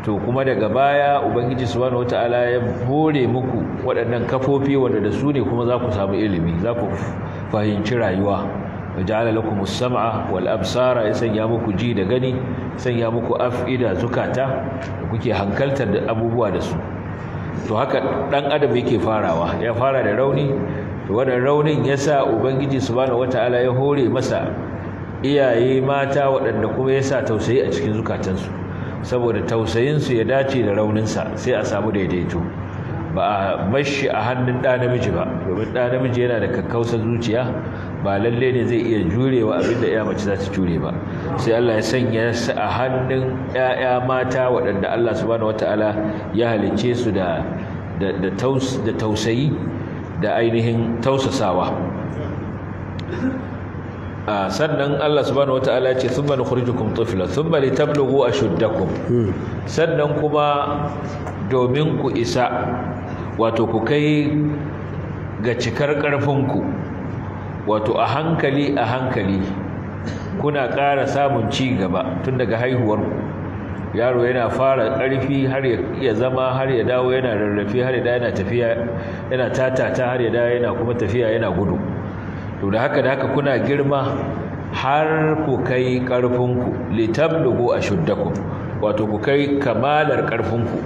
to kuma daga baya ubangiji subhanahu wataala ya bore muku waɗannan kafofi wanda da su ne kuma za ku samu ilimi za ku fahimci rayuwa waja'ala lakum as-sam'a wal absara ya sanya muku ji da gani sanya muku af'ida zukata da kuke hankaltar da abubuwa da su to haka dan adam yake farawa ya fara da rauni to wannan raunin yasa ubangiji subhanahu wataala ya hore masa iyaye mata waɗanda kuma yasa tausayi a cikin zukatansu saboda tausayin su ya dace da raunin sa sai a samu daidaito ba a bashi a hannun ɗa namiji ba domin ɗa namiji yana da kakkausar zuciya ba lalle ne zai iya jurewa abinda ya mace za ta jure ba sai Allah ya sanya su a hannun ƴaƴa mata waɗanda Allah subhanahu wataala ya halicce su da da tausayi da ainihin tausasawa a sannan Allah subhanahu wataala ya ce thumma nukhrijukum tifla thumma litablughu ashuddakum hmm. sannan kuma domin ku isa wato ku kai ga cikar ƙarfinku wato a hankali a hankali kuna ƙara samun ci gaba tun daga haihuwarku yaro yana fara ƙarfi har ya zama har ya dawo yana rarrafe har ya yana tafiya yana tatata har ya dawo yana kuma tafiya yana gudu to da haka da haka kuna girma har ku kai ƙarfinku litablugu ashuddakum wato ku kai kamalar ƙarfinku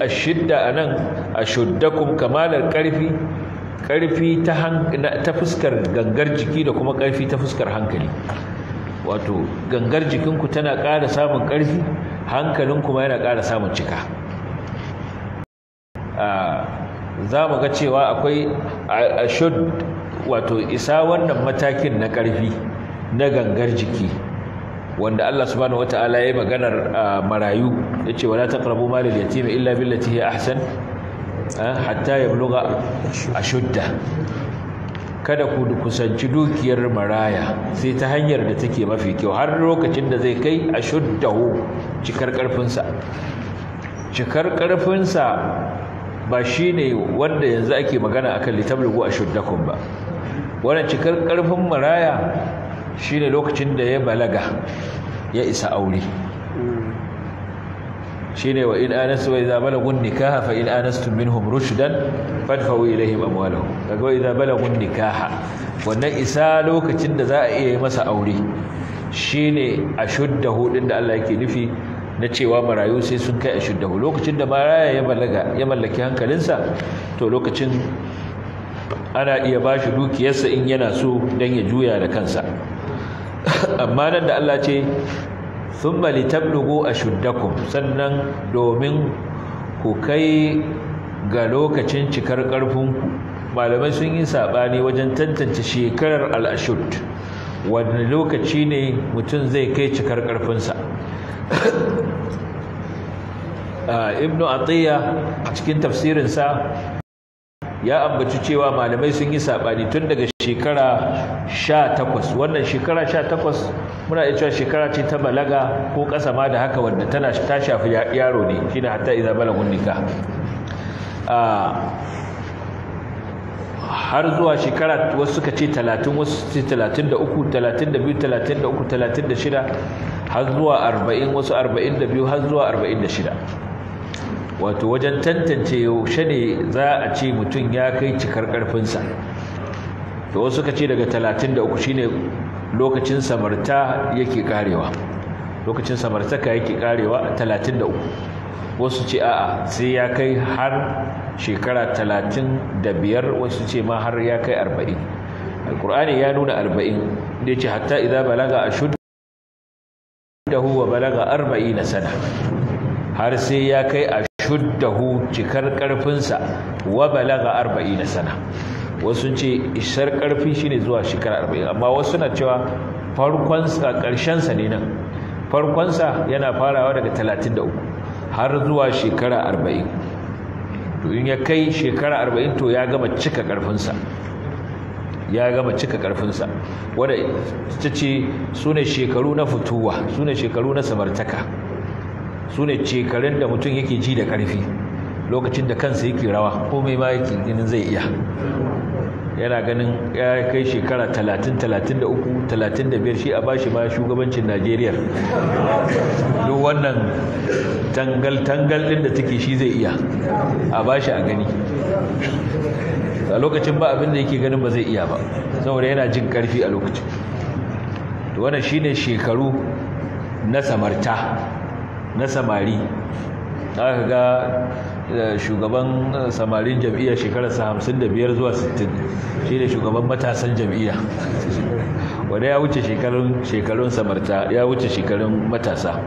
ashidda anan ashuddakum kamalar ƙarfi ƙarfi ta fuskar gangar jiki da kuma ƙarfi ta fuskar hankali wato gangar jikinku tana ƙara samun ƙarfi hankalin kuma yana ƙara samun cika za mu ga cewa akwai ashud wato isa wannan matakin na ƙarfi na gangar jiki wanda Allah subhanahu wata'ala ya yi maganar marayu ya yace wala taqrabu malal yatimi illa billati hi ahsan Eh, hatta ya a shudda. kada ku kusanci dukiyar maraya sai ta hanyar da take mafi kyau har lokacin da zai kai a ashuddahu cikar karfinsa cikar karfinsa ba shine wanda yanzu ake magana akan a shuddakun ba wannan cikar karfin maraya shine lokacin da ya balaga ya isa aure shine wa in anastu wa idza balagun nikaha fa in anastum minhum rushdan fadfa'u ilayhim amwalahum kaga wa idza balagun nikaha wannan isa lokacin da za a iya yi masa aure shine ashudda hudin da Allah yake nufi na cewa marayu sai sun kai ashuddahu lokacin da maraya ya balaga ya mallaki hankalinsa to lokacin ana iya ba shi dukiyarsa in yana so dan ya juya da kansa amma nan da Allah ce thumma a shuddakun sannan domin ku kai ga lokacin cikar ƙarfinku malamai sun yi saɓani wajen tantance shekarar al'ashud wani lokaci ne mutum zai kai cikar ƙarfinsa ah, ibnu atiya a cikin tafsirinsa ya ambaci cewa malamai sun yi saɓani tun daga shekara sha takwas wannan shekara sha takwas muna iya cewa shekara ce ta balaga ko ƙasa ma da haka wadda tana ta shafi yaro ne shine hatta iza balagun nikah har zuwa shekara wasu suka ce talatin wasu ce talatin da uku talatin da biyu talatin da uku talatin da shida har zuwa arba'in wasu arba'in da biyu har zuwa arba'in da shida wato wajen tantance yaushe ne za a ce mutum ya kai cikar ƙarfinsa to wasu ka ce daga 33 shine lokacin samarta yake karewa lokacin samartaka yake karewa 33 wasu ce a'a sai ya kai har shekara 35 wasu ce ma har ya kai 40 alkur'ani ya nuna 40 da ce hatta idan balaga shudu da huwa balaga 40 sana har sai ya kai shuddahu cikar karfinsa wa balaga arba'ina sana wasu ce isar karfi shine zuwa shekara arba'in amma wasu na cewa farkon sa karshen sa ne nan farkon sa yana farawa daga 33 har zuwa shekara arba'in to in ya kai shekara arba'in to ya gama cika karfin sa ya gama cika karfinsa wadda ta ce su ne shekaru na fituwa su ne shekaru na samartaka su ne cekarin da mutum yake ji da ƙarfi lokacin da kansa yake rawa komai ma yake ginin zai iya yana ganin ya kai shekara 30 33 35 shi a bashi ma shugabancin Najeriya duk wannan tangal tangal din da take shi zai iya a bashi a gani a lokacin ba abin da yake ganin ba zai iya ba saboda yana jin karfi a lokacin wannan shi shine shekaru na samarta na samari aka ga eh, shugaban eh, samarin jam'iyya shekararsa hamsin da biyar zuwa sittin shi ne shugaban matasan jam'iyya wadda ya wuce shekarun samarta ya wuce shekarun matasa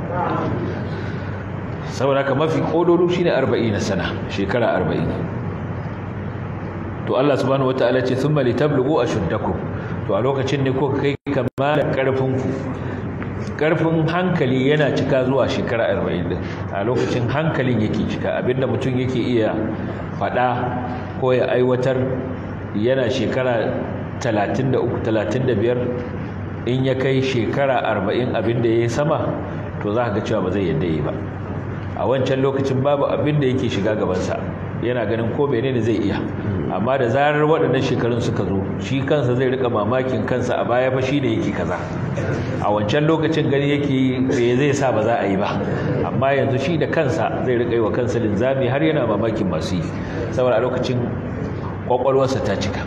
saboda ka mafi shi ne arba'i na sana shekara 40 to Allah subhanahu wataala ce sun thumma a ashuddakum to a lokacin ne ko kai kama da ku karfin hankali yana cika zuwa shekara arba'in a lokacin hankalin yake cika abinda mutum yake iya faɗa ko ya aiwatar yana shekara talatin da uku talatin da biyar in ya kai shekara arba'in abinda ya yi sama to za ga cewa ba zai yadda yi ba a wancan lokacin babu abinda yake shiga gabansa yana ganin ko menene zai iya amma da zarar waɗannan shekarun suka zo shi kansa zai rika mamakin kansa a baya fa ne yake kaza a wancan lokacin gani yake me zai sa ba za a yi ba amma yanzu shi da kansa zai rika yi wa kansa linzami har yana mamakin masu yi saboda a lokacin kwakwalwarsa ta cika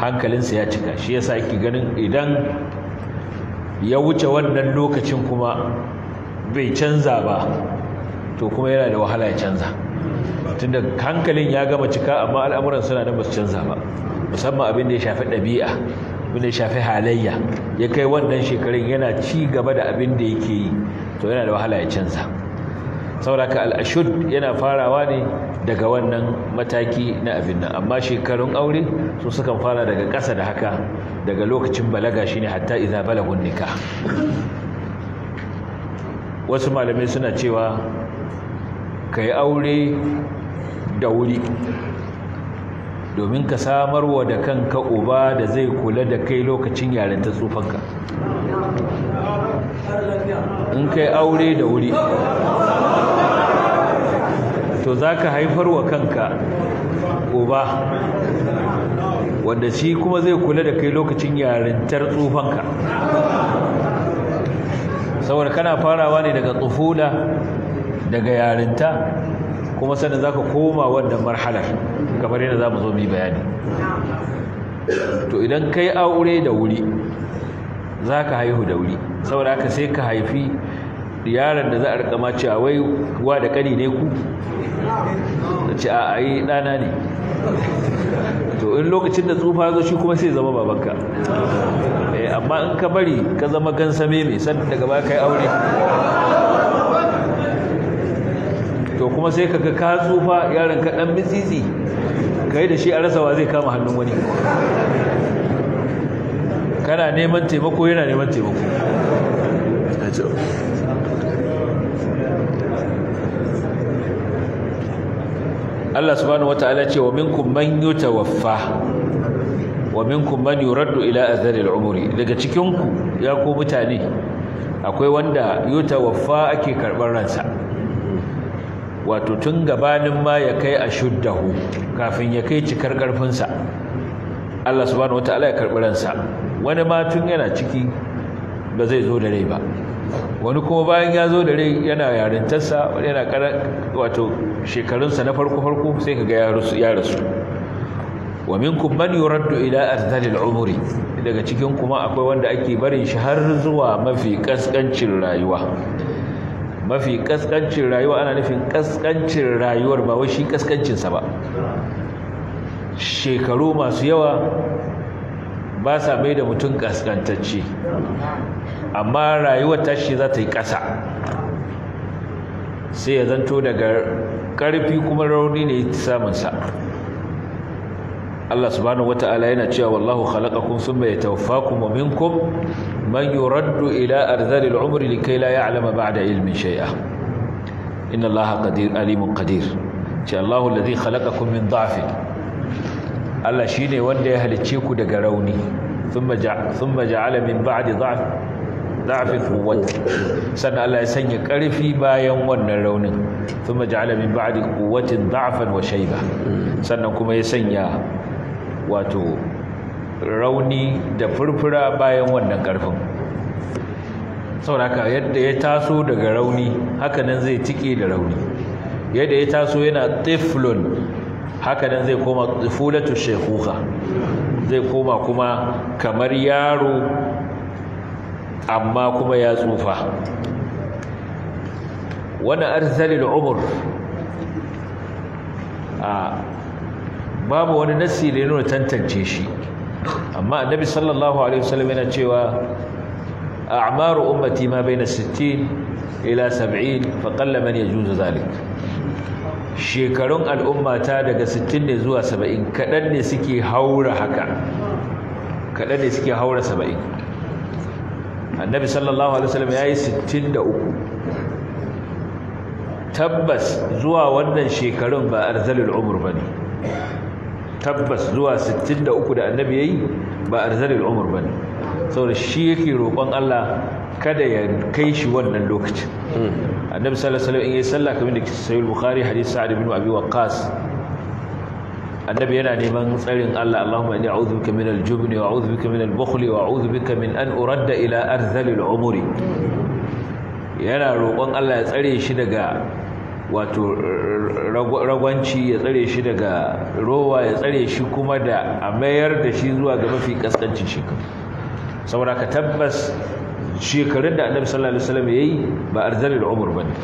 hankalinsa ya cika shi yasa yake ganin idan ya wuce wannan lokacin kuma bai canza ba to kuma yana da wahala ya canza tunda hankalin ya gama cika amma al'amuran suna nan ba su canza ba musamman abin da ya shafi ɗabi'a abin da ya shafi halayya ya kai wannan shekarun yana ci gaba da abin da yake yi to yana da wahala ya canza Sauraka ka al'ashud yana farawa ne daga wannan mataki na abin nan amma shekarun aure su sukan fara daga ƙasa da haka daga lokacin balaga shine hatta idza balagun nikah wasu malamai suna cewa ka yi aure da wuri domin ka samar wa da kanka uba da zai kula da kai lokacin ta tsufanka in kai aure da wuri to za ka haifar wa kanka uba wanda shi kuma zai kula da kai lokacin yarintar tsufanka saboda kana farawa ne daga tsufula daga yarinta kuma sannan za ka koma wannan marhalar kamar yadda za mu zo mu bayani to idan kai aure da wuri za ka haihu da wuri saboda aka sai ka haifi yaran da za a rikama cewa wai wa da kani ne ku da ce a ayi ɗana ne to in lokacin da tsufa zo shi kuma sai zama babanka eh, amma in ka bari ka zama gansame mai san daga baya kai aure kuma sai kaga ka tsufa yaron ka dan mitsitsi kai da shi a rasa wa zai kama hannun wani kana neman taimako yana neman taimako Allah subhanahu wataala ce wa minkum man yutawaffa wa minkum man yuraddu ila azalil umri daga cikin ku ya ku mutane akwai wanda yutawaffa ake karban ransa wato tun gabanin ma ya kai a shuddahu kafin ya kai cikar ƙarfinsa Allah subhanahu ta'ala ya karɓi ransa wani ma tun yana ciki ba zai zo da rai ba wani kuma bayan ya zo da rai yana yarintarsa wani yana wato shekarunsa na farko farko sai ka ga ya rasu wa minkum man yuraddu ila arzalil umri daga cikin kuma akwai wanda ake barin shi har zuwa mafi kaskancin rayuwa mafi kaskancin rayuwa ana nufin kaskancin rayuwar ba wai shi kaskancinsa ba shekaru masu yawa ba sa mai da mutum kaskantacce amma rayuwar tashi za ta yi ƙasa sai ya zanto daga ƙarfi kuma rauni ne samunsa Allah subhanahu wata'ala yana cewa wallahu khalaqakum thumma yatawaffakum wa minkum man yuraddu ila ardhali al-umri likay la ya'lama ba'da ilmin shay'a inna Allah qadir alimun qadir ce Allah alladhi khalaqakum min dha'fin Allah shine wanda ya halicce ku daga rauni thumma thumma ja'ala min ba'di dha'f dha'fin quwwatan sannan Allah ya sanya karfi bayan wannan raunin thumma ja'ala min ba'di quwwatin dha'fan wa shayba sannan kuma ya sanya wato rauni da furfura bayan wannan ƙarfin sauraka yadda ya taso daga rauni hakanan zai tike da rauni yadda ya taso yana teflon, hakanan zai koma tsifulatu shekuka zai koma kuma kamar yaro amma kuma ya tsufa wani arzalin umar a babu wani nassi da ya nuna tantance shi amma annabi sallallahu alaihi wasallam yana cewa a'maru ummati ma baina 60 ila 70 fa qalla man yajuzu zalik shekarun al'ummata daga 60 ne zuwa 70 kadan ne suke haura haka kadan ne suke haura 70 annabi sallallahu alaihi wasallam yayi 63 tabbas zuwa wannan shekarun ba arzalul umur bane tabbas zuwa 63 da annabi yayi ba a arzalil umur bane saboda shi yake roƙon Allah kada ya kai shi wannan lokacin hmm. annabi sallallahu in yayi sallah kamar da ke sahih bukhari hadith sa'd bin abi waqqas annabi yana neman tsarin Allah Allahumma inni a'udhu bika min al-jubni wa a'udhu bika min al-bukhli wa a'udhu bika min an uradda ila arzalil umuri hmm. yana roƙon Allah ya tsare shi daga wato ragwanci ya tsare shi daga rowa ya tsare shi kuma da a mayar da shi zuwa ga mafi kaskancin shekaru saboda ka tabbas shekarun da annabi sallallahu alaihi wasallam yayi ba arzalil umur bane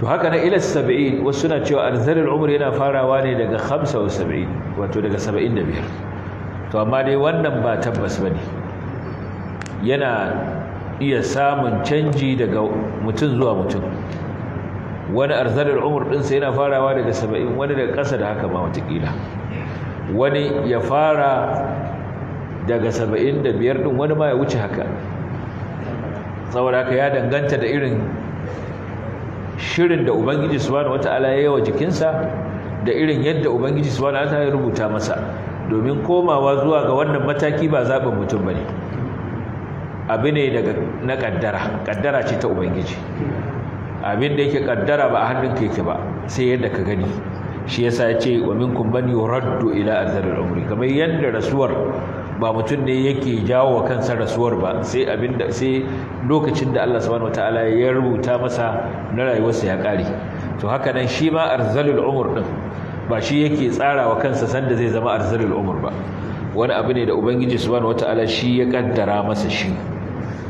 to haka na ila 70 wasu suna cewa arzalil umur yana farawa ne daga 75 wato daga 75 to amma dai wannan ba tabbas bane yana iya samun canji daga mutum zuwa mutum wani arzalar umar ɗinsa yana farawa daga saba'in wani daga ƙasa da haka ma watakila wani ya fara daga saba'in da biyar ɗin wani ma ya wuce haka tsawon haka ya danganta da irin shirin da ubangiji subhanahu wata'ala ya yi wa jikinsa da irin yadda ubangiji subhanahu wata'ala ya rubuta masa domin komawa zuwa ga wannan mataki ba zaɓin mutum ba ne abu ne daga na ƙaddara ƙaddara ce ta ubangiji abin da yake kaddara ba a hannun keke ba sai yadda ka gani shi yasa ya ce wa minkum man yuraddu ila azharil umri kamar yadda rasuwar ba mutum ne yake jawo wa kansa rasuwar ba sai abin da sai lokacin da Allah subhanahu wataala ya rubuta masa na rayuwarsa ya kare to haka nan shi ma arzalul umur din ba shi yake tsara wa kansa sanda zai zama arzalul umur ba wani abu ne da ubangiji subhanahu wataala shi ya kaddara masa shi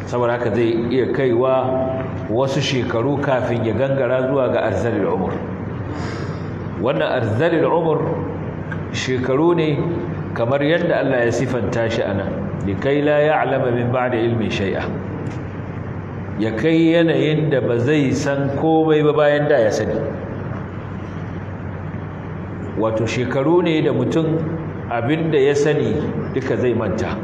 saboda haka zai iya kaiwa wasu shekaru kafin ya gangara zuwa ga arzalil umur wannan arzalil umur shekaru ne kamar yadda Allah ya sifanta shi anan kai la ya'lama min da ilmin shai'a. ya kai yanayin da ba zai san komai ba bayan da ya sani wato shekaru ne da mutum abin da ya sani duka zai manta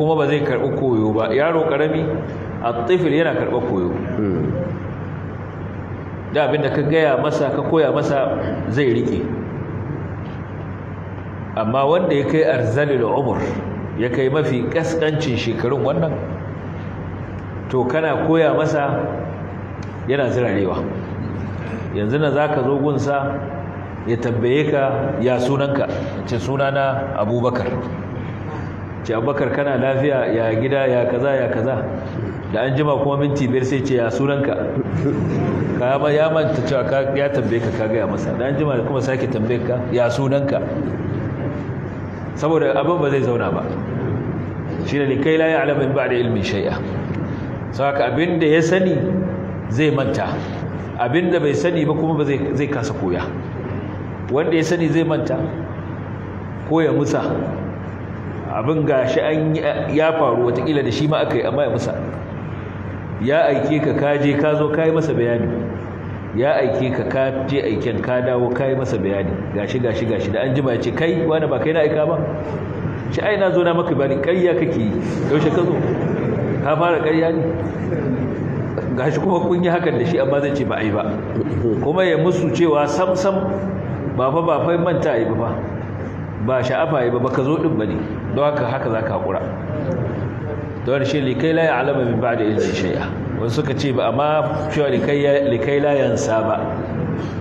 kuma ba zai karɓi koyo ba yaro ƙarami a yana karɓar koyo da abinda ka gaya masa ka koya masa zai riƙe. amma wanda ya kai arzalil umur ya kai mafi kaskancin shekarun wannan to kana koya masa yana zirarewa yanzu na zaka zo gunsa ya tambaye ka ya sunanka ce sunana abubakar ce abubakar kana lafiya ya gida ya kaza ya kaza da an jima kuma minti biyar sai ce ya sunanka ka ba ya manta cewa ya tambaye ka ka gaya masa da an jima kuma sake tambaye ka ya sunanka saboda abin ba zai zauna ba shi ne kai la ya'lamu min da ilmin shay'a saka abin da ya sani zai manta abin da bai sani ba kuma zai kasa koya wanda ya sani zai manta ko ya musa abin ga shi an ya faru watakila da shi ma aka yi amma ya musa ya aike ka kaje ka zo kai masa bayani ya aike ka ka je aiken ka dawo kai masa bayani gashi gashi gashi da an jima ya ce kai wani ba kai na aika ba shi ai na zo na maka bayani ƙarya kake yi yaushe ka zo ka fara ƙarya ne gashi kuma kun yi hakan da shi amma zai ce ba ai ba kuma ya musu cewa sam sam ba fa ba fa manta ai ba ba sha'afa ai ba ka zo din bane don haka haka zaka hakura don shi likai la ya'lamu ba da ilmin shay'a wasu suka ce ba amma cewa likai likai la yansa ba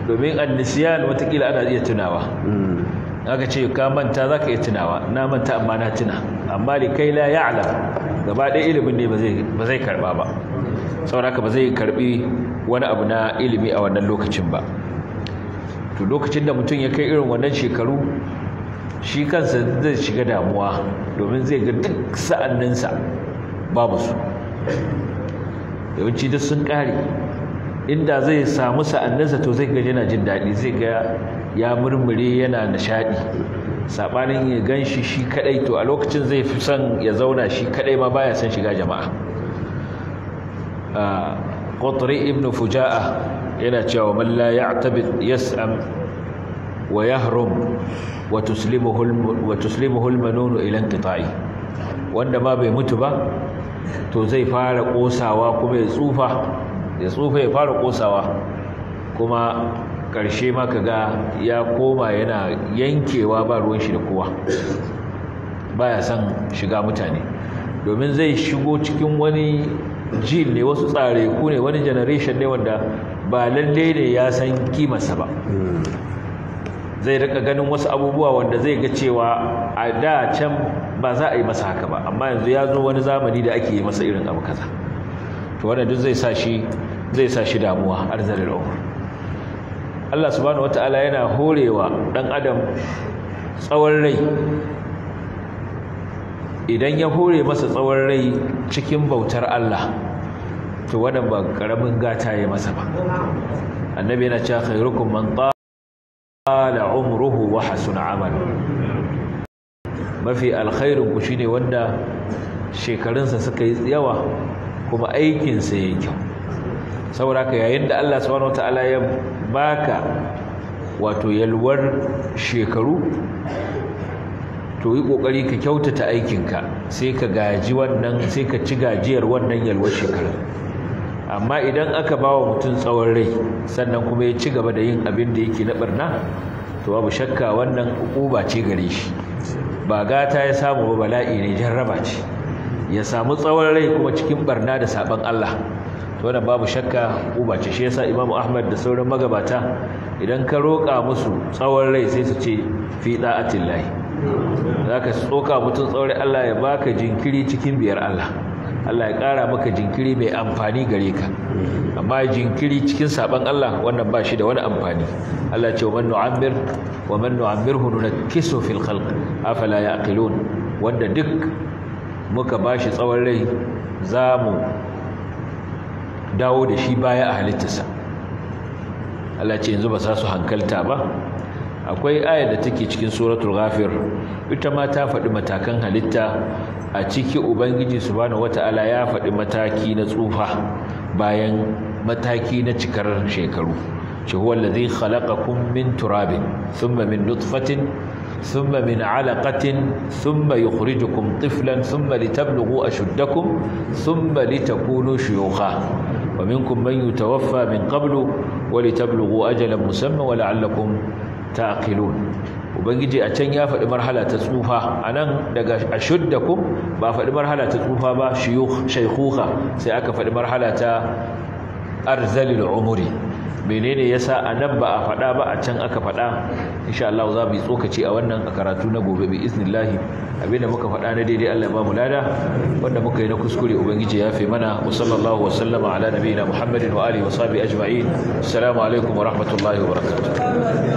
domin annisiyan watakila ana iya tunawa hmm. aka ce ka manta za ka iya tunawa na manta amma na tuna amma likai la alama gaba da ilimin ne ba zai karba ba saboda haka ba zai karbi wani abu na ilimi a wannan lokacin ba to lokacin da mutum ya kai irin wannan shekaru shi kansa zai shiga damuwa domin zai ga duk sa'anninsa babu su yawanci duk sun ƙare inda zai samu sa'annansa to zai ga yana jin daɗi zai ga ya murmure yana nishaɗi saɓanin ya gan shi shi kaɗai to a lokacin zai fi son ya zauna shi kaɗai ma baya son shiga jama'a qutri ibn fuja'a yana cewa man la ya'tabid yas'am wa yahrum wa tuslimuhu wa tuslimuhu al wanda ma bai mutu ba to zai fara kosawa kuma ya tsufa ya tsufa ya fara kosawa kuma ƙarshe ma ka ga ya koma yana yankewa ba ruwan shi da kowa baya son shiga mutane domin zai shigo cikin wani jil ne wasu tsare ku ne wani generation ne wanda ba lalle ne ya san kimarsa ba hmm. zai rika ganin wasu abubuwa wanda zai ga cewa a da can ba za a yi masa haka ba amma yanzu ya zo wani zamani da ake yi masa irin abu kaza to wannan duk zai sa shi zai sa shi damuwa arzalil umr Allah subhanahu wataala yana horewa dan adam tsawon rai idan ya hore masa tsawon rai cikin bautar Allah to wannan ba karamin gata ya masa ba annabi yana cewa khairukum man qala umruhu wa hasuna amalu mafi alkhairun ku shine wanda shekarunsa suka yi yawa kuma aikinsa ya yi kyau saboda ka yayin da Allah subhanahu wataala ya baka wato yalwar shekaru to yi kokari ka kyautata aikinka sai ka gaji wannan sai ka ci gajiyar wannan yalwar shekaru amma idan aka bawa mutum tsawon rai sannan kuma ya ci gaba da yin abin da yake na barna to babu shakka wannan ba ce gare shi ba gata ya samu ba bala'i ne jarraba ce ya samu tsawon rai kuma cikin barna da saban Allah to wannan babu shakka ubace shi yasa Imam Ahmad da sauran magabata idan ka roƙa musu tsawon rai sai su ce fi da'atillahi zaka tsoka mutun tsawon rai Allah ya baka jinkiri cikin biyar Allah Allah ya ƙara maka jinkiri mai amfani gare ka amma jinkiri cikin saban Allah wannan ba shi da wani amfani Allah ce wa mannu amir wa man nu'ammirhu fil khalq afala yaqilun wanda duk muka ba shi tsawon rai za mu dawo da shi baya a halittarsa Allah ce yanzu ba za su hankalta ba akwai ayar da take cikin suratul ghafir ita ma ta faɗi matakan halitta a ciki ubangiji subhanahu wataala ya faɗi mataki na tsufa bayan mataki na cikar shekaru shi huwa allazi khalaqakum min turabin thumma min nutfatin thumma min alaqatin thumma yukhrijukum tiflan thumma litablughu ashuddakum thumma litakunu shuyukha wa minkum man yutawaffa min qablu wa litablughu ajalan musamma wa la'allakum taqilun ubangiji a can ya faɗi marhala ta tsufa a nan daga ashuddakum ba faɗi marhala ta tsufa ba shayukha sai aka faɗi marhala ta arzalil umuri menene yasa anan ba a faɗa ba a can aka faɗa insha Allah za mu yi tsokaci a wannan karatu na gobe bi iznillah abinda muka faɗa na daidai Allah ba mu lada wanda muka yi na kuskure ubangiji ya fi mana wa sallallahu wa sallama ala nabiyina Muhammadin wa alihi wa sahbihi ajma'in assalamu alaikum wa rahmatullahi wa barakatuh